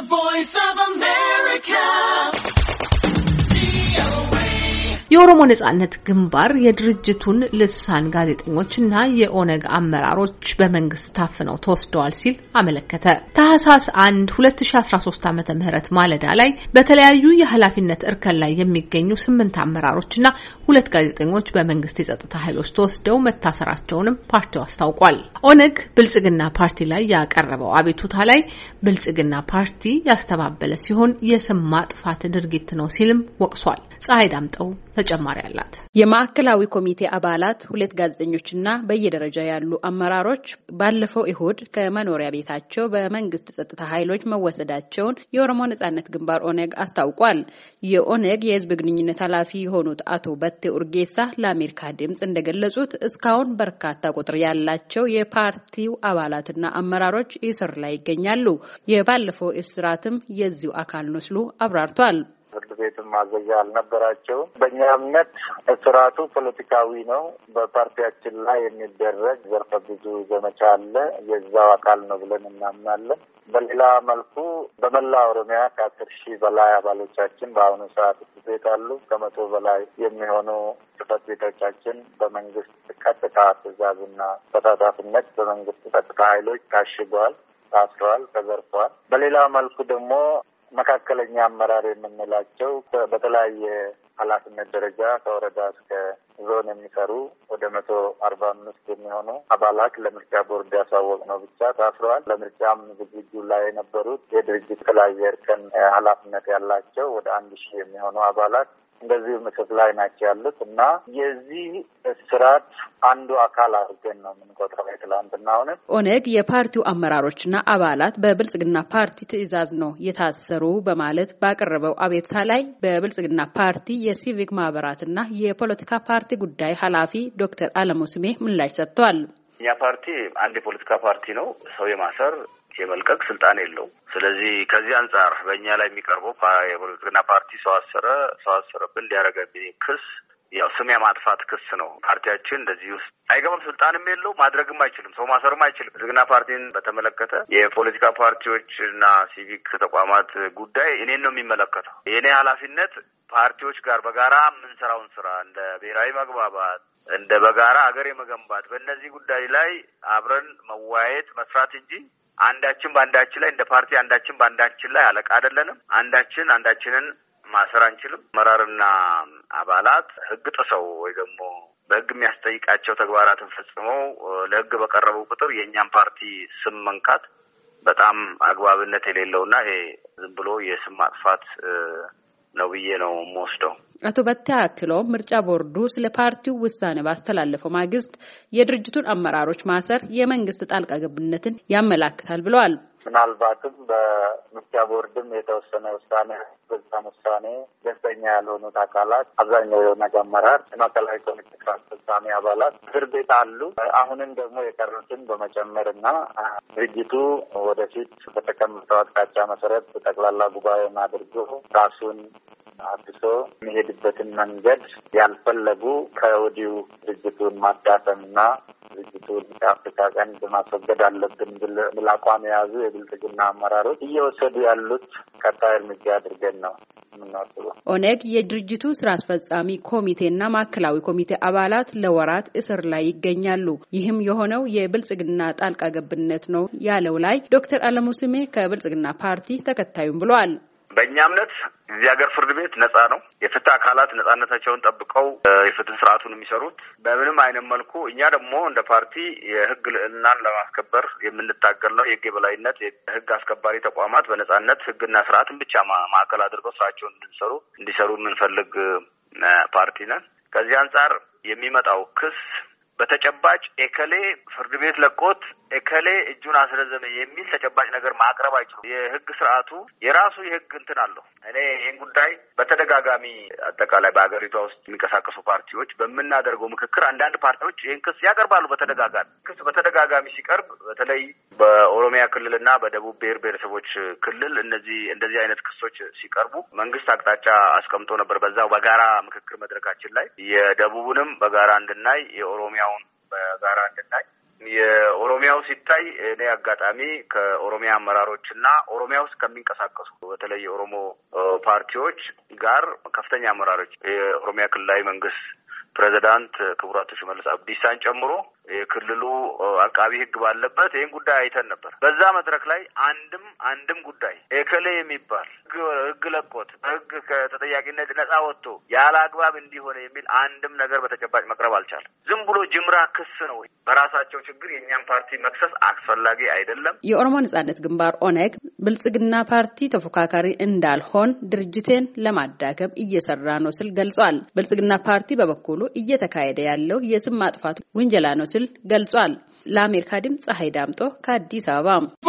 The Voice of a man. የኦሮሞ ነጻነት ግንባር የድርጅቱን ልሳን ጋዜጠኞች እና የኦነግ አመራሮች በመንግስት ታፍነው ተወስደዋል ሲል አመለከተ። ታህሳስ 1 2013 ዓ ም ማለዳ ላይ በተለያዩ የኃላፊነት እርከን ላይ የሚገኙ ስምንት አመራሮችና ሁለት ጋዜጠኞች በመንግስት የጸጥታ ኃይሎች ተወስደው መታሰራቸውንም ፓርቲው አስታውቋል። ኦነግ ብልጽግና ፓርቲ ላይ ያቀረበው አቤቱታ ላይ ብልጽግና ፓርቲ ያስተባበለ ሲሆን የስም ማጥፋት ድርጊት ነው ሲልም ወቅሷል። ፀሐይ ዳምጠው ተጨማሪ አላት። የማዕከላዊ ኮሚቴ አባላት ሁለት ጋዜጠኞችና በየደረጃ ያሉ አመራሮች ባለፈው እሁድ ከመኖሪያ ቤታቸው በመንግስት ጸጥታ ኃይሎች መወሰዳቸውን የኦሮሞ ነጻነት ግንባር ኦነግ አስታውቋል። የኦነግ የህዝብ ግንኙነት ኃላፊ የሆኑት አቶ በቴ ኡርጌሳ ለአሜሪካ ድምፅ እንደገለጹት እስካሁን በርካታ ቁጥር ያላቸው የፓርቲው አባላትና አመራሮች እስር ላይ ይገኛሉ። የባለፈው እስራትም የዚሁ አካል ነው ሲሉ አብራርቷል። ፍርድ ቤትም ማዘዣ አልነበራቸውም። በእኛ እምነት እስራቱ ፖለቲካዊ ነው። በፓርቲያችን ላይ የሚደረግ ዘርፈ ብዙ ዘመቻ አለ። የዛው አካል ነው ብለን እናምናለን። በሌላ መልኩ በመላ ኦሮሚያ ከአስር ሺህ በላይ አባሎቻችን በአሁኑ ሰዓት እስር ቤት አሉ። ከመቶ በላይ የሚሆኑ ጽህፈት ቤቶቻችን በመንግስት ቀጥታ ትእዛዝና ተሳታፊነት በመንግስት ቀጥታ ኃይሎች ታሽገዋል፣ ታስረዋል፣ ተዘርፈዋል። በሌላ መልኩ ደግሞ መካከለኛ አመራር የምንላቸው በተለያየ ኃላፊነት ደረጃ ከወረዳ እስከ ዞን የሚሰሩ ወደ መቶ አርባ አምስት የሚሆኑ አባላት ለምርጫ ቦርድ ያሳወቅ ነው ብቻ ታስረዋል። ለምርጫም ዝግጁ ላይ የነበሩት የድርጅት የተለያየ እርከን ኃላፊነት ያላቸው ወደ አንድ ሺህ የሚሆኑ አባላት እንደዚህ ምክር ላይ ናቸው ያሉት እና የዚህ ስርዓት አንዱ አካል አድርገን ነው የምንቆጥረው። የትላንትና ሆነን ኦነግ የፓርቲው አመራሮችና አባላት በብልጽግና ፓርቲ ትዕዛዝ ነው የታሰሩ በማለት ባቀረበው አቤቱታ ላይ በብልጽግና ፓርቲ የሲቪክ ማህበራትና የፖለቲካ ፓርቲ ጉዳይ ኃላፊ ዶክተር አለሙ ስሜ ምላሽ ሰጥቷል። እኛ ፓርቲ አንድ የፖለቲካ ፓርቲ ነው። ሰው የማሰር የመልቀቅ ስልጣን የለውም። ስለዚህ ከዚህ አንጻር በእኛ ላይ የሚቀርበው የብልጽግና ፓርቲ ሰው አሰረ ሰው አሰረብን ክስ ያው ስም የማጥፋት ክስ ነው። ፓርቲያችን እንደዚህ ውስጥ አይገባም። ስልጣንም የለው ማድረግም አይችልም። ሰው ማሰርም አይችልም። ብልጽግና ፓርቲን በተመለከተ የፖለቲካ ፓርቲዎች እና ሲቪክ ተቋማት ጉዳይ እኔን ነው የሚመለከተው። የእኔ ኃላፊነት ፓርቲዎች ጋር በጋራ የምንሰራውን ስራ እንደ ብሔራዊ መግባባት እንደ በጋራ ሀገር የመገንባት በእነዚህ ጉዳይ ላይ አብረን መወያየት መስራት እንጂ አንዳችን በአንዳችን ላይ እንደ ፓርቲ አንዳችን በአንዳችን ላይ አለቃ አይደለንም። አንዳችን አንዳችንን ማሰር አንችልም። መራርና አባላት ህግ ጥሰው ወይ ደግሞ በህግ የሚያስጠይቃቸው ተግባራትን ፈጽመው ለህግ በቀረቡ ቁጥር የእኛም ፓርቲ ስም መንካት በጣም አግባብነት የሌለውና ይሄ ዝም ብሎ የስም ማጥፋት ነው ብዬ ነው የምወስደው። አቶ በታ አክለውም ምርጫ ቦርዱ ስለ ፓርቲው ውሳኔ ባስተላለፈው ማግስት የድርጅቱን አመራሮች ማሰር የመንግስት ጣልቃ ገብነትን ያመላክታል ብለዋል። ምናልባትም በምርጫ ቦርድም የተወሰነ ውሳኔ በዛም ውሳኔ ደስተኛ ያልሆኑት አካላት አብዛኛው የኦነግ አመራር ማዕከላዊ ኮሚቴ ስራ አስፈጻሚ አባላት እስር ቤት አሉ። አሁንም ደግሞ የቀሩትን በመጨመር እና ድርጅቱ ወደፊት በተቀመጠው አቅጣጫ መሰረት ጠቅላላ ጉባኤን አድርጎ ራሱን አድሶ የሚሄድበትን መንገድ ያልፈለጉ ከወዲሁ ድርጅቱን ማዳፈምና ድርጅቱን ከአፍሪካ ቀንድ ማስወገድ አለብን ብል አቋም የያዙ የብልጽግና አመራሮች እየወሰዱ ያሉት ቀጣይ እርምጃ አድርገን ነው የምናስበው። ኦነግ የድርጅቱ ስራ አስፈጻሚ ኮሚቴና ማዕከላዊ ኮሚቴ አባላት ለወራት እስር ላይ ይገኛሉ። ይህም የሆነው የብልጽግና ጣልቃ ገብነት ነው ያለው ላይ ዶክተር አለሙ ስሜ ከብልጽግና ፓርቲ ተከታዩም ብለዋል። በእኛ እምነት እዚህ ሀገር ፍርድ ቤት ነጻ ነው። የፍትህ አካላት ነጻነታቸውን ጠብቀው የፍትህ ስርዓቱን የሚሰሩት በምንም አይነት መልኩ እኛ ደግሞ እንደ ፓርቲ የህግ ልዕልናን ለማስከበር የምንታገል ነው። የህግ የበላይነት፣ የህግ አስከባሪ ተቋማት በነጻነት ህግና ስርዓትን ብቻ ማዕከል አድርገው ስራቸውን እንድንሰሩ እንዲሰሩ የምንፈልግ ፓርቲ ነን። ከዚህ አንጻር የሚመጣው ክስ በተጨባጭ ኤከሌ ፍርድ ቤት ለቆት እከሌ እጁን አስረዘመ የሚል ተጨባጭ ነገር ማቅረብ አይችሉም። የህግ ስርዓቱ የራሱ የህግ እንትን አለው። እኔ ይህን ጉዳይ በተደጋጋሚ አጠቃላይ በሀገሪቷ ውስጥ የሚንቀሳቀሱ ፓርቲዎች በምናደርገው ምክክር አንዳንድ ፓርቲዎች ይህን ክስ ያቀርባሉ። በተደጋጋሚ ክስ በተደጋጋሚ ሲቀርብ በተለይ በኦሮሚያ ክልልና በደቡብ ብሔር ብሔረሰቦች ክልል እነዚህ እንደዚህ አይነት ክሶች ሲቀርቡ መንግስት አቅጣጫ አስቀምጦ ነበር። በዛው በጋራ ምክክር መድረካችን ላይ የደቡቡንም በጋራ እንድናይ የኦሮሚያውን በጋራ እንድናይ ሁኔታው ሲታይ እኔ አጋጣሚ ከኦሮሚያ አመራሮች እና ኦሮሚያ ውስጥ ከሚንቀሳቀሱ በተለይ የኦሮሞ ፓርቲዎች ጋር ከፍተኛ አመራሮች የኦሮሚያ ክልላዊ መንግስት ፕሬዚዳንት አቶ ሽመልስ አብዲሳን ጨምሮ የክልሉ አቃቢ ህግ ባለበት ይህን ጉዳይ አይተን ነበር። በዛ መድረክ ላይ አንድም አንድም ጉዳይ ኤከሌ የሚባል ህግ ለቆት ህግ ከተጠያቂነት ነጻ ወጥቶ ያለ አግባብ እንዲሆነ የሚል አንድም ነገር በተጨባጭ መቅረብ አልቻለም። ዝም ብሎ ጅምራ ክስ ነው። በራሳቸው ችግር የእኛም ፓርቲ መክሰስ አስፈላጊ አይደለም። የኦሮሞ ነጻነት ግንባር ኦነግ ብልጽግና ፓርቲ ተፎካካሪ እንዳልሆን ድርጅቴን ለማዳከም እየሰራ ነው ስል ገልጿል። ብልጽግና ፓርቲ በበኩሉ እየተካሄደ ያለው የስም ማጥፋት ውንጀላ ነው እንደሚችል ገልጿል። ለአሜሪካ ድምፅ ፀሐይ ዳምጦ ከአዲስ አበባ